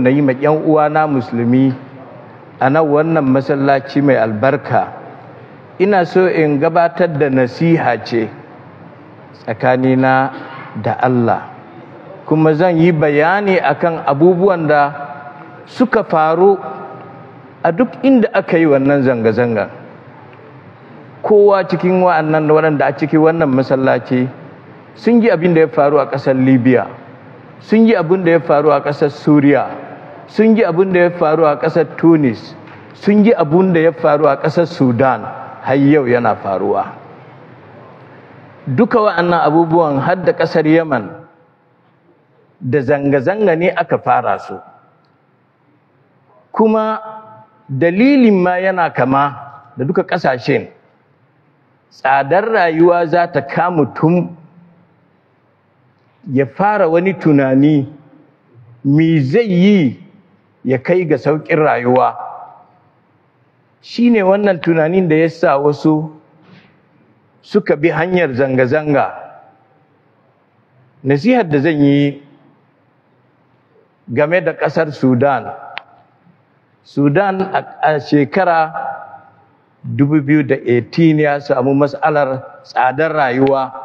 na yi ma yan uwana musulmi a nan wannan masallaci mai albarka ina so in gabatar da nasiha ce tsakanina da Allah kuma zan yi bayani akan abubuwan da suka faru a duk inda aka yi wannan zanga-zangar kowa cikin wa'annan da a ciki wannan masallaci sun yi abin da ya faru a ƙasar libya sun yi abin da ya faru a ƙasar suriya sun yi abin da ya faru a ƙasar tunis sun yi abin da ya faru a ƙasar sudan har yau yana faruwa duka wa'annan abubuwan har da ƙasar yaman da zanga-zanga ne aka fara su kuma dalilin ma yana kama da duka ƙasashen tsadar rayuwa za ta kamutum ya fara wani tunani me zai yi ya kai ga sauƙin rayuwa shi ne wannan tunanin da ya sa wasu suka bi hanyar zanga-zanga nasihar da zan yi game da ƙasar sudan sudan a shekara 2018 ya samu matsalar tsadar rayuwa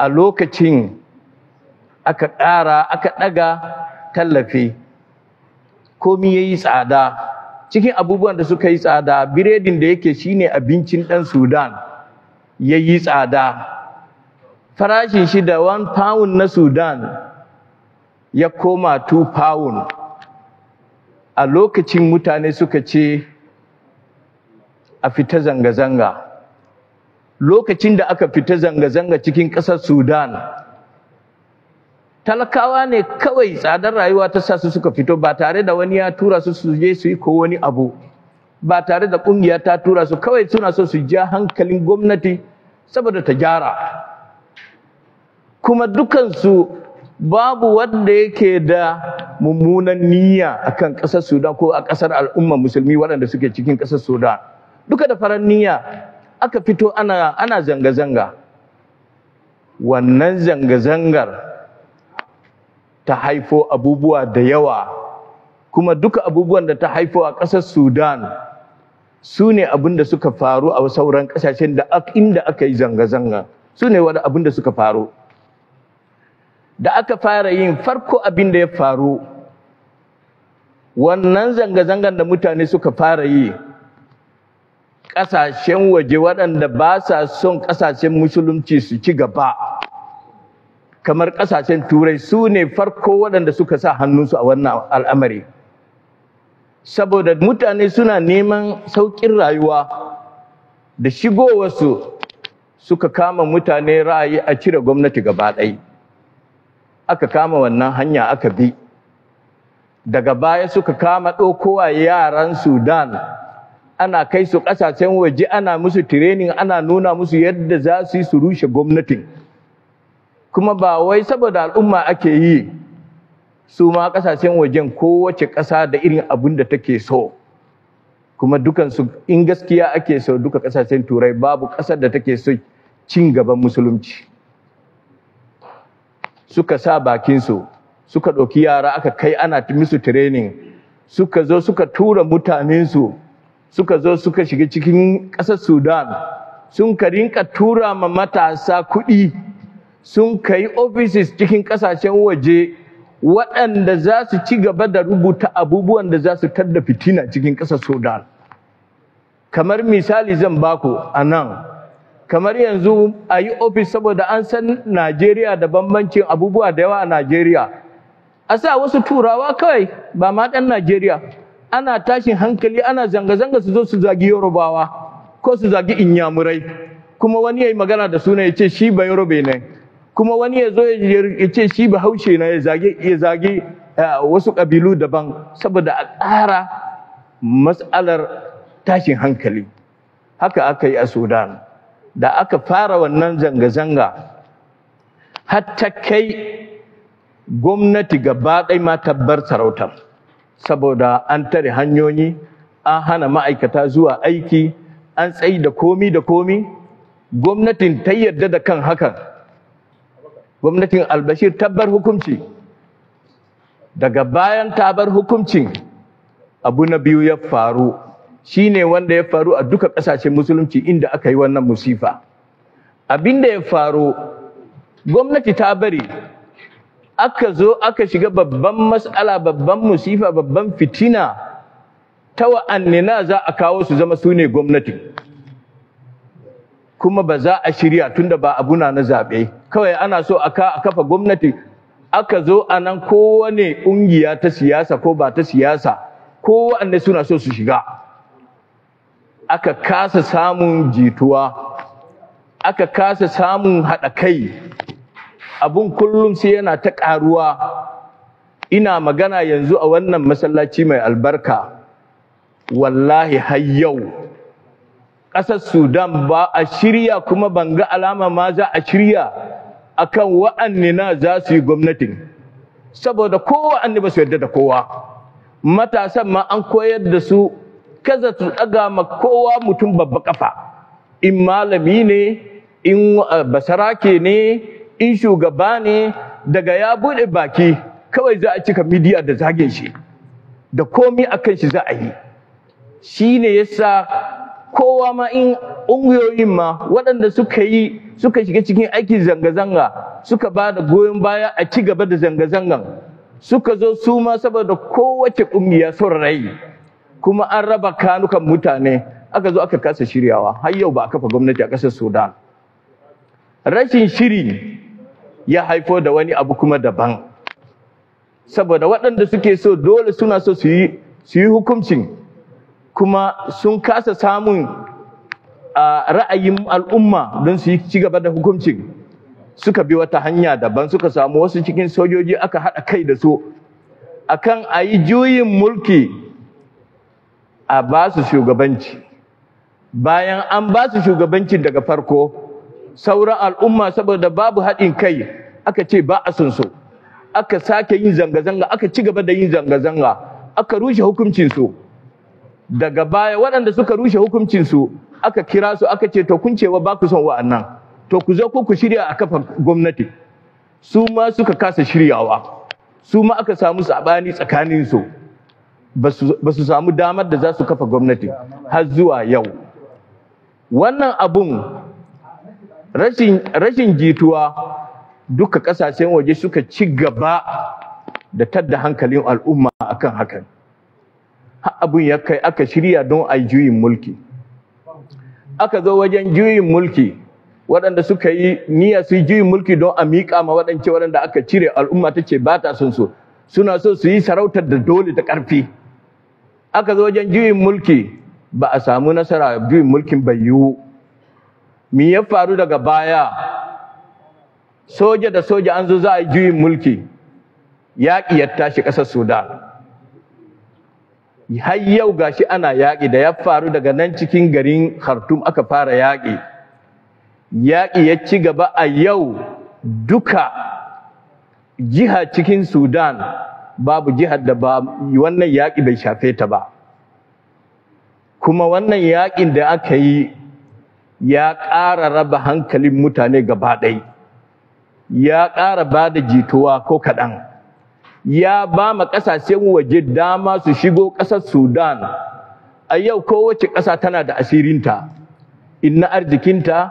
a lokacin aka ƙara aka ɗaga tallafi komi ya yi tsada cikin abubuwan da suka yi tsada biredin da yake shine abincin ɗan sudan ya yi tsada farashin shi da wani pound na sudan ya koma 2 pound a lokacin mutane suka ce a fita zanga-zanga lokacin da aka fita zanga-zanga cikin ƙasar sudan talakawa ne kawai tsadar rayuwa ta sa su suka fito ba tare da wani ya tura su su je su yi ko wani abu ba tare da ƙungiya ta tura su kawai suna so su ja hankalin gwamnati saboda ta gyara kuma dukansu babu wanda yake da mummunan niyya a kan ƙasar sudan ko a ƙasar al'umma musulmi waɗanda suke cikin ƙasar sudan duka da faran niyya aka fito ana ana zanga-zanga wannan zanga-zangar ta haifo abubuwa da yawa kuma duka abubuwan da ta haifo a ƙasar sudan su ne abin da suka faru a sauran ƙasashen da inda aka yi zanga-zanga su ne wani abin suka faru da aka fara yin farko abin da ya faru wannan zanga zangar da mutane suka fara yi ƙasashen waje waɗanda ba sa son ƙasashen musulunci su ci gaba kamar ƙasashen turai su ne farko waɗanda suka sa hannunsu a wannan al'amari saboda mutane suna neman sauƙin rayuwa da shigowarsu suka kama mutane ra'ayi a cire gwamnati gaba ɗai aka kama wannan hanya aka bi daga baya suka kama ɗokowa yaran sudan ana kai su ƙasashen waje ana musu training ana nuna musu yadda za su yi su rushe gwamnatin kuma ba wai saboda al'umma ake yi su ma ƙasashen wajen kowace ƙasa da irin abun da take so kuma dukansu in gaskiya ake so duka ƙasashen turai babu ƙasar da take so cin gaban musulunci suka sa bakinsu suka ɗauki yara aka kai ana musu training suka zo suka tura mutanensu suka zo suka shiga cikin ƙasar sudan sun ka rinka tura ma matasa kuɗi sun ka yi offices cikin ƙasashen waje waɗanda za su ci gaba da rubuta abubuwan da za su tadda fitina cikin ƙasar sudan kamar misali zan baku a nan kamar yanzu a yi ofis saboda an san najeriya da bambancin abubuwa da yawa a najeriya a sa wasu turawa kawai ba ma ɗan najeriya ana tashin hankali ana zanga-zanga su zo su zagi yorubawa ko su zagi inyamurai kuma wani ya yi magana da suna ya ce shi ba yorube ne kuma wani ya zo ya ce shi ba haushe na ya zagi wasu ƙabilu daban saboda a ƙara matsalar tashin hankali haka aka yi a sudan da aka fara wannan zanga-zanga har ta kai gwamnati gaba ɗaya ma tabbar sarautar saboda an tare hanyoyi an hana ma'aikata zuwa aiki an tsayi da komi da komi gwamnatin ta yarda da kan hakan gwamnatin albashir tabbar hukunci daga bayan tabar hukuncin abu na biyu ya faru shine wanda ya faru a duka ƙasashen musulunci inda aka yi wannan musifa abinda ya faru gwamnati ta bari aka zo aka shiga babban mas'ala babban musifa babban fitina ta wa'annina za a kawo su zama sune gwamnati kuma ba za a shirya tunda ba abuna na zaɓe kawai ana so a kafa gwamnati aka zo a nan kowane ƙungiya ta siyasa ko ba ta siyasa kowanne suna so su shiga aka kasa samun jituwa aka kasa samun haɗa kai abun kullum sai yana ta ƙaruwa ina magana yanzu a wannan masallaci mai albarka wallahi har yau ƙasar sudan ba a shirya kuma ban ga alama ma za a shirya akan wa'annina za su yi gwamnatin saboda kowa anni ba su yarda da kowa matasan ma an koyar da su kaza su ɗaga ma kowa mutum babba kafa in malami ne in eh, basarake ne in shugaba ne daga ya buɗe baki kawai za a cika midiya da zagin shi da komi a kan shi za a yi shi ne ya sa kowa ma in ungiyoyin ma waɗanda suka yi suka shiga cikin aikin zanga-zanga suka ba da goyon baya a ci gaba da zanga-zangan suka zo su ma saboda kowace ƙungiya son rai kuma an raba kanukan mutane aka zo aka kasa shiryawa har yau ba a kafa gwamnati a ƙasar sudan rashin shiri ya haifo da wani abu kuma daban saboda waɗanda suke so dole suna so su yi su hukuncin kuma sun kasa samun ra'ayin al'umma don su yi ci gaba da hukuncin suka bi wata hanya daban suka samu wasu cikin sojoji aka haɗa kai da su akan a yi juyin mulki a ba su shugabanci bayan an ba su shugabanci daga farko sauran al'umma saboda babu haɗin kai aka ce ba a son su aka sake yin zanga-zanga aka ci gaba da yin zanga-zanga aka rushe hukuncinsu daga baya waɗanda suka rushe hukuncinsu aka kira su aka ce to kun cewa ba ku son wa'annan to ku zo ku shirya a kafa gwamnati su ma suka kasa shiryawa su ma aka samu saɓani su ba su samu damar da za su kafa gwamnati har zuwa yau wannan abun rashin jituwa duka ƙasashen waje suka ci gaba da tadda hankalin al'umma akan hakan abin ya kai aka shirya don a juyin mulki aka zo wajen juyin mulki waɗanda suka yi niyya su yi juyin mulki don a miƙa ma waɗance waɗanda aka cire al'umma ta ce ba ta son so suna so su yi sarautar da dole ta ƙarfi aka zo wajen juyin mulki ba a samu nasara juyin mulkin bai yiwu me ya faru daga baya soja da soja an zo za a juyin mulki yaƙi ya tashi ƙasar sudan har yau ga shi ana yaƙi da ya faru daga nan cikin garin khartum aka fara yaƙi yaƙi ya ci gaba a yau duka jiha cikin sudan babu jiha da ba wannan yaƙi bai shafe ta ba kuma wannan yaƙin da aka yi ya ƙara raba hankalin mutane gaba ɗaya ya ƙara ba da jituwa ko kaɗan ya ba ma ƙasashen waje dama su shigo ƙasar sudan a yau kowace ƙasa tana da asirinta inna arzikinta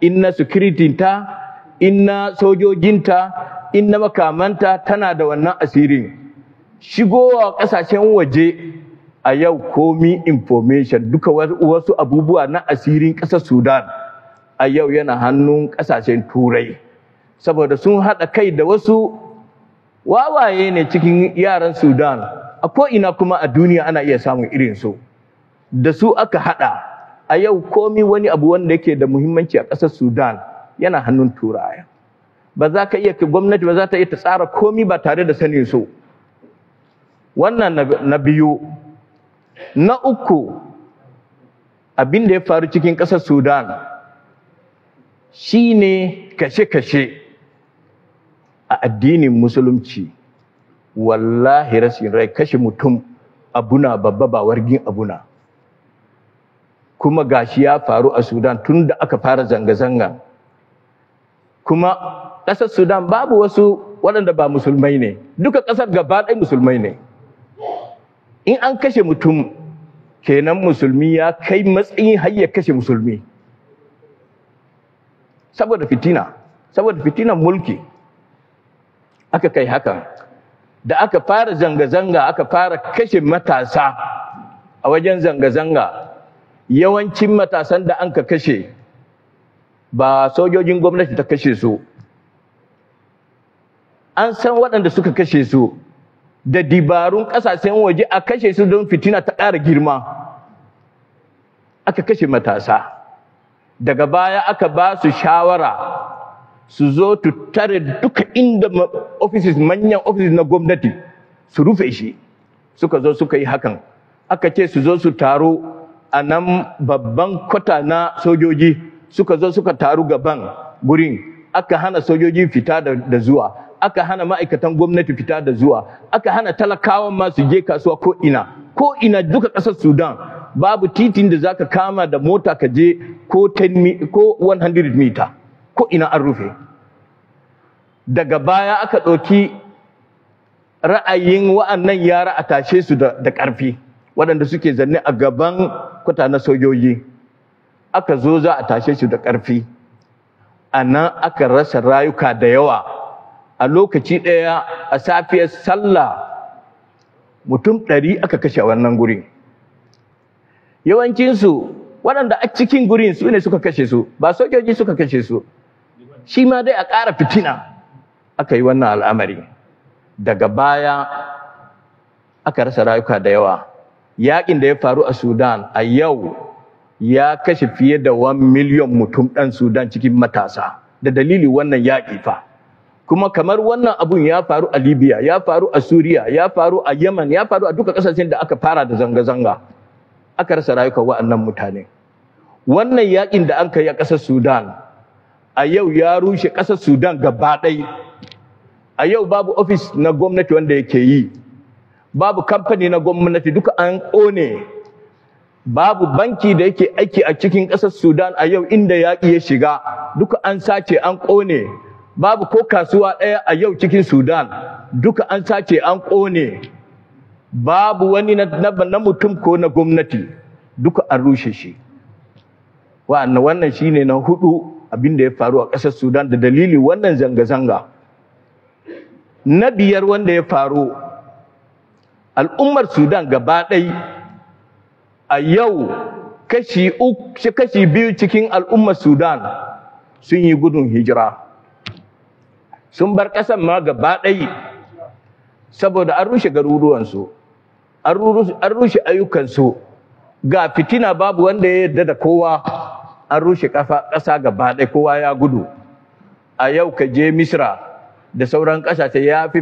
inna sukiritinta inna sojojinta inna makamanta tana da wannan asirin shigowa ƙasashen waje a yau komi information duka wasu abubuwa na asirin ƙasar sudan a yau yana hannun ƙasashen turai saboda sun haɗa kai da wasu wawaye ne cikin yaran sudan a ko'ina kuma a duniya ana iya samun irin su da su aka haɗa a yau komi wani abu wanda yake da muhimmanci a ƙasar sudan yana hannun turaya ba za ka iya gwamnati ba za ta iya ta tsara komi ba tare da sanin su wannan na biyu na uku abin da ya faru cikin ƙasar sudan shine kashe-kashe a addinin musulunci wallahi rashin rai kashe mutum abuna babba ba wargin abuna kuma gashi ya faru a sudan tun da aka fara zanga-zanga kuma ƙasar sudan babu wasu waɗanda ba musulmai ne duka ƙasar gaba ɗaya musulmai ne in an kashe mutum kenan musulmi ya kai matsayin hayyar kashe musulmi saboda fitina saboda fitinan mulki aka kai haka da aka fara zanga-zanga aka fara kashe matasa a wajen zanga-zanga yawancin matasan da an ka kashe ba sojojin gwamnati ta kashe su an san waɗanda suka kashe su da dibarun ƙasashen waje a kashe su don fitina ta ƙara girma aka kashe matasa daga baya aka ba su shawara su zo tu tare duka inda offices manyan offices na gwamnati su rufe shi suka zo suka yi hakan aka ce su zo su taro a nan babban kwata na sojoji suka zo suka taru gaban gurin aka hana sojoji fita da zuwa aka hana ma'aikatan gwamnati fita da zuwa aka hana talakawan ma je kasuwa ko ina ko ina duka ƙasar sudan babu titin da zaka kama da mota ka je ko 100 meter ko ina an rufe daga baya aka ɗauki ra'ayin wa'annan yara a tashe su da ƙarfi waɗanda suke zanne a gaban kuta na sojoji aka zo za a tashe su da ƙarfi a nan aka rasa rayuka da yawa a lokaci ɗaya a safiyar sallah mutum ɗari aka kashe wannan guri yawancinsu waɗanda a cikin gurin su ne suka kashe su ba sojoji suka kashe su shi ma dai a ƙara fitina aka yi wannan al'amari daga baya aka rasa rayuka da yawa yaƙin da ya faru a sudan a yau ya kashe fiye da 1 miliyan mutum ɗan sudan cikin matasa da dalili wannan yaƙi fa kuma kamar wannan abun ya faru a libya ya faru a suriya ya faru a yaman ya faru a duka ƙasashen da aka fara da zanga-zanga aka rasa rayuka wa'annan mutane wannan yaƙin da an kai a ƙasar sudan a yau ya rushe ƙasar Sudan gaba ɗai. A yau babu ofis na gwamnati wanda yake yi, babu kamfani na gwamnati duka an ƙone, babu banki da yake aiki a cikin ƙasar Sudan a yau inda yaƙi ya shiga, duka an sace an ƙone, babu ko kasuwa ɗaya a yau cikin Sudan, duka an sace an ƙone, babu wani na, mutum ko na gwamnati, duka an rushe shi. Wa'annan wannan shine na hudu abin da ya faru a ƙasar Sudan da dalili wannan zanga-zanga. Na biyar wanda ya faru, al'ummar Sudan gaba ɗai a yau kashi, biyu cikin al'ummar Sudan sun yi gudun hijira. Sun bar ƙasar ma gaba ɗai saboda an rushe garuruwansu, an rushe ayyukansu, ga fitina babu wanda ya yarda da kowa. an rushe ƙasa gaba ɗaya kowa ya gudu a yau ka je misra da sauran ƙasashe ya fi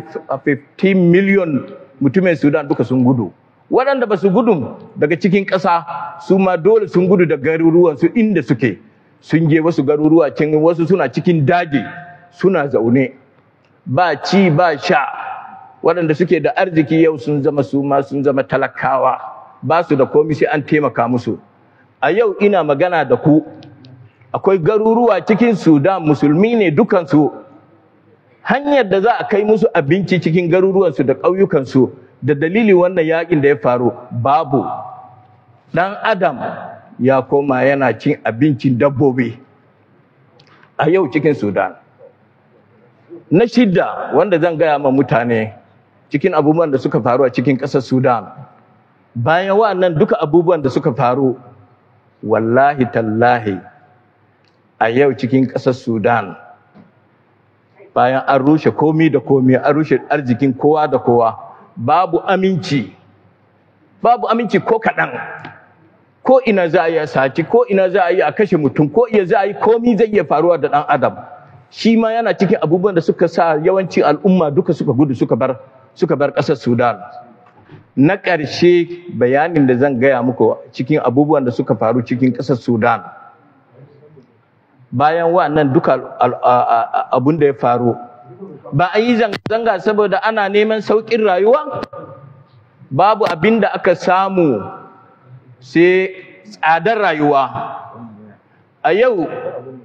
15 miliyon mutumin sudan duka sun gudu waɗanda ba su gudun daga cikin ƙasa su ma dole sun gudu da garuruwansu inda suke sun je wasu garuruwa wasu suna cikin daji suna zaune ba ci ba sha waɗanda suke da arziki yau sun zama su ma sun zama talakawa ba su da komi sai an taimaka musu a yau ina magana da ku akwai garuruwa cikin sudan musulmi ne dukansu hanyar da za a kai musu abinci cikin garuruwansu da ƙauyukansu da dalili wannan yaƙin da ya faru babu ɗan adam ya koma yana cin abincin dabbobi a yau cikin sudan na shidda wanda zan gaya ma mutane cikin abubuwan da suka faru a cikin ƙasar sudan bayan wannan duka abubuwan da suka faru wallahi tallahi a yau cikin ƙasar Sudan bayan an rushe komi da komi an rushe arzikin kowa da kowa babu aminci babu aminci ko kaɗan ko ina za a yi a saci ko ina za a yi a kashe mutum ko iya za a yi komi zai iya faruwa da ɗan adam shi ma yana cikin abubuwan da suka sa yawancin al'umma duka suka gudu suka bar suka bar ƙasar Sudan na ƙarshe bayanin da zan gaya muku cikin abubuwan da suka faru cikin ƙasar Sudan bayan wa'annan duka abun da ya faru ba a yi zanga-zanga saboda ana neman sauƙin rayuwa babu abin da aka samu sai tsadar rayuwa a yau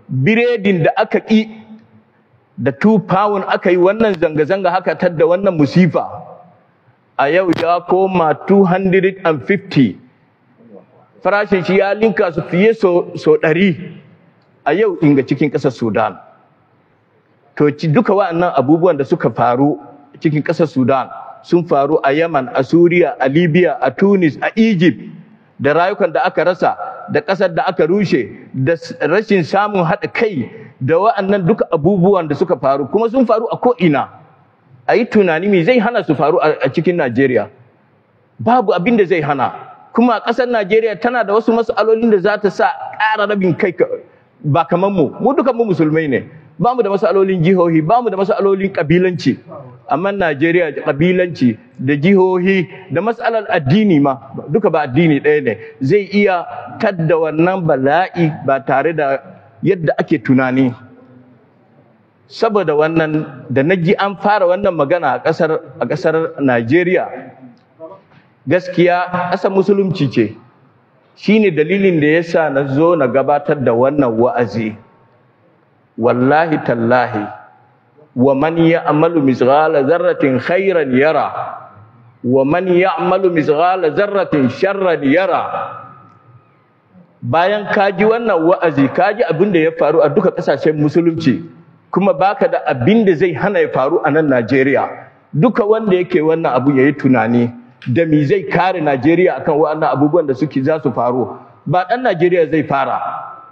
biredin da aka ƙi da 2 aka yi wannan zanga-zanga haka da wannan musifa a yau ya koma 250 farashin shi ya linka su fiye so ɗari a yau inga cikin ƙasar Sudan. To duka wa'annan abubuwan da suka faru cikin ƙasar Sudan sun faru a Yaman, a Suriya, a Libya, a Tunis, a Egypt, da rayukan da aka rasa, da ƙasar da aka rushe, da rashin samun haɗa kai, da wa'annan duka abubuwan da suka faru, kuma sun faru a ko'ina. A yi tunani me zai hana su faru a cikin Najeriya. Babu abin da zai hana. Kuma ƙasar Najeriya tana da wasu matsalolin da za ta sa ƙara rabin kai ba kaman mu mu duka mu musulmai ne ba mu da masalolin jihohi ba mu da masalolin kabilanci amma Najeriya kabilanci da jihohi da masalar addini ma duka ba addini ɗaya ne zai iya tadda wannan bala'i ba tare da yadda ake tunani saboda wannan da na ji an fara wannan magana a ƙasar a Najeriya gaskiya ƙasar musulunci ce shine dalilin da ya sa na zo na gabatar da wannan wa'azi wallahi tallahi wa man ya'malu mithqala dharratin khairan yara wa man ya'malu mithqala dharratin sharran yara bayan kaji wannan wa'azi kaji abin da ya faru a duka kasashen musulunci kuma baka da abin da zai hana ya faru a nan Najeriya duka wanda yake wannan abu yi tunani da me zai kare Najeriya akan waɗannan abubuwan da suke za su faru ba ɗan Najeriya zai fara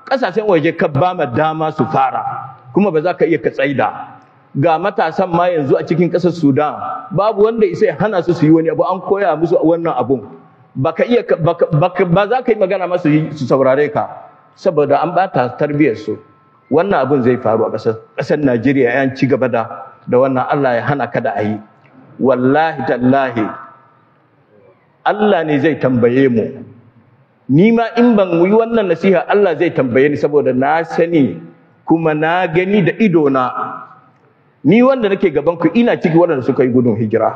ƙasashen waje ka ba ma dama su fara kuma ba za ka iya ka tsaida ga matasan ma yanzu a cikin ƙasar Sudan babu wanda isa ya hana su su yi wani abu an koya musu wannan abun baka iya ba za ka yi magana masu su saurare ka saboda an bata tarbiyyar su wannan abun zai faru a ƙasar Najeriya yan ci gaba da da wannan Allah ya hana ka da ayi wallahi tallahi Allah ne zai tambaye mu ni ma in ban yi wannan nasiha Allah zai tambaye ni saboda na sani kuma na gani da ido na ni wanda nake gaban ku ina ciki wanda suka yi gudun hijira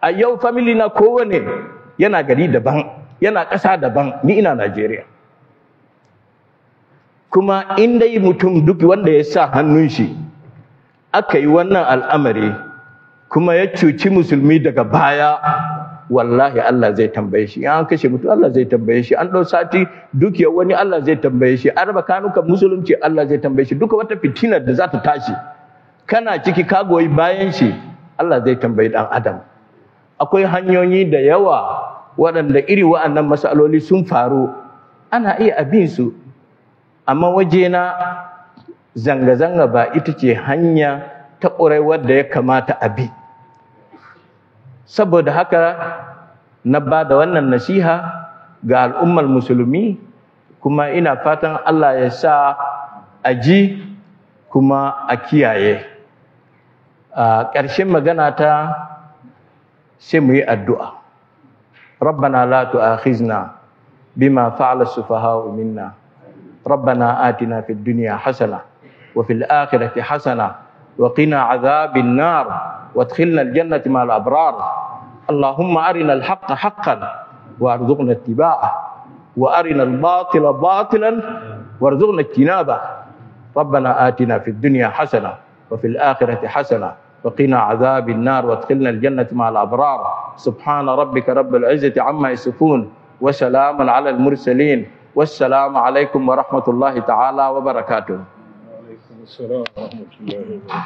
a yau family na kowane yana gari daban yana ƙasa daban ni ina Najeriya kuma in dai mutum duk wanda ya sa hannun shi aka yi wannan al'amari kuma ya cuci musulmi daga baya wallahi Allah zai tambaye shi an kashe mutum Allah zai tambaye shi an ɗau sati dukiya wani Allah zai tambaye shi an raba kanukan musulunci Allah zai tambaye shi duka wata fitina da za ta tashi kana ciki ka goyi bayan shi Allah zai tambayi dan adam akwai hanyoyi da yawa waɗanda iri wa'annan masaloli sun faru ana iya abin su amma na zanga-zanga ba ita ce hanya ta ƙurai da ya kamata a bi saboda haka na ba da wannan nasiha ga al'ummar musulmi kuma ina fatan Allah ya sa a ji kuma a kiyaye a ƙarshen magana ta sai mu yi addu'a rabbana la tu'akhizna bima fa'ala sufaha'u minna rabbana atina fid duniya hasana wa fil akhirati hasana wa qina azabin nar وادخلنا الجنة مع الأبرار اللهم أرنا الحق حقا وارزقنا اتباعه وأرنا الباطل باطلا وارزقنا اجتنابه ربنا آتنا في الدنيا حسنة وفي الآخرة حسنة وقنا عذاب النار وادخلنا الجنة مع الأبرار سبحان ربك رب العزة عما يصفون وسلام على المرسلين والسلام عليكم ورحمة الله تعالى وبركاته السلام ورحمة الله وبركاته